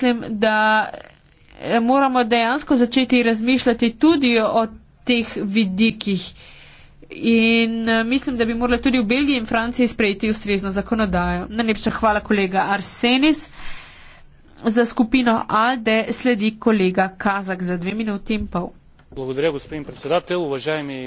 mislim, da eh, moramo dejansko začeti razmišljati tudi o teh vidikih. In eh, mislim, da bi morali tudi v Belgiji in Franciji sprejeti ustrezno zakonodajo. Najlepša hvala, kolega Arsenis. Za skupino ALDE sledi kolega Kazak za dve minuti in pol. Благодаря, господин председател. Уважаеми